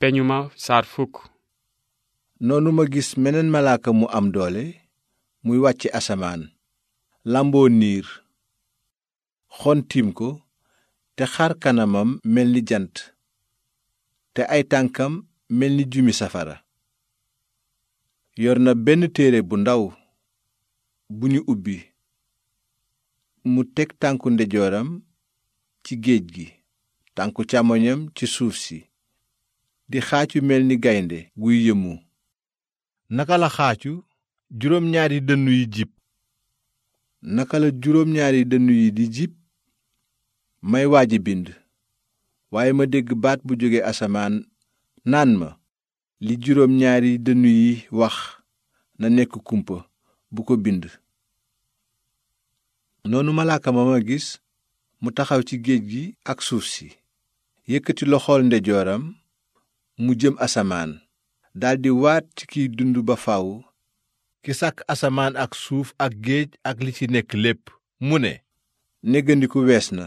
peñu ma saar fukk noonu ma gis meneen malaaka mu am doole muy wàcc asamaan làmboo niir xontiim ko te xar kanamam mel ni jant te ay tànkam mel ni jumi safara yor na benn téere bu ndaw bu ñu ubbi mu teg tànku ndejooram ci géej gi tànku càmmoñam ci suuf si di xaacu mel ni gaynde guy yëmu naka la xaacu juróom ñaari dënnu yi jib naka la juróom ñaari dënnu yi di jib may waaji bind waaye ma dégg baat bu jóge asamaan naan ma li juróom ñaari dënnu yi wax na nekk kumpa bu ko bind noonu malaaka ma gis mu taxaw ci géej gi ak suuf si yëkkati loxol ndejooram mu jëm asamaan daldi waat ci kiy dund ba faw ki sàkk asamaan ak suuf ak géej ak li ci nekk lépp mu ne néggandiku wees na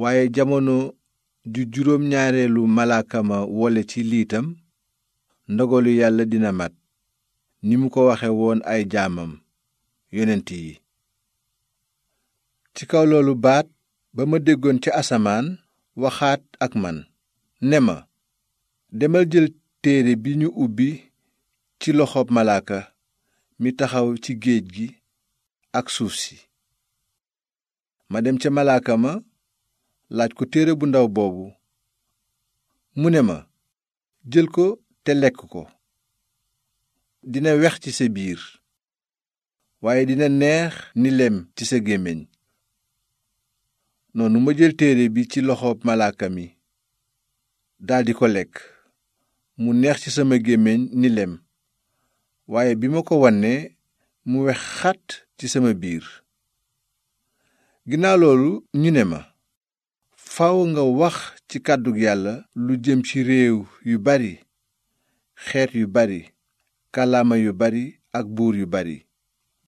waaye jamono ju juróom ñaareelu malaaka ma wole ci liitam ndogolu yàlla dina mat ni mu ko waxe woon ay jaamam yonent yi ci kaw loolu baat ba ma déggoon ca asamaan waxaat ak man ne ma demal jël téere bi ñu ubbi ci loxoob malaaka mi taxaw ci géej gi ak suuf si ma dem ca malaaka ma laaj ko téere bu ndaw boobu mu ne ma jël ko te lekk ko dina wex ci sa biir waaye dina neex ni lem ci sa gémmiñ noonu ma jël téere bi ci loxoob malaaka mi daldi ko lekk mu neex ci sama gémmiñ ni lem waaye bi ma ko wannee mu wex xat ci sama biir ginnaaw loolu ñu ne ma faw nga wax ci kàddu yàlla lu jëm ci réew yu bari xeet yu bari kàllaama yu bari ak buur yu bari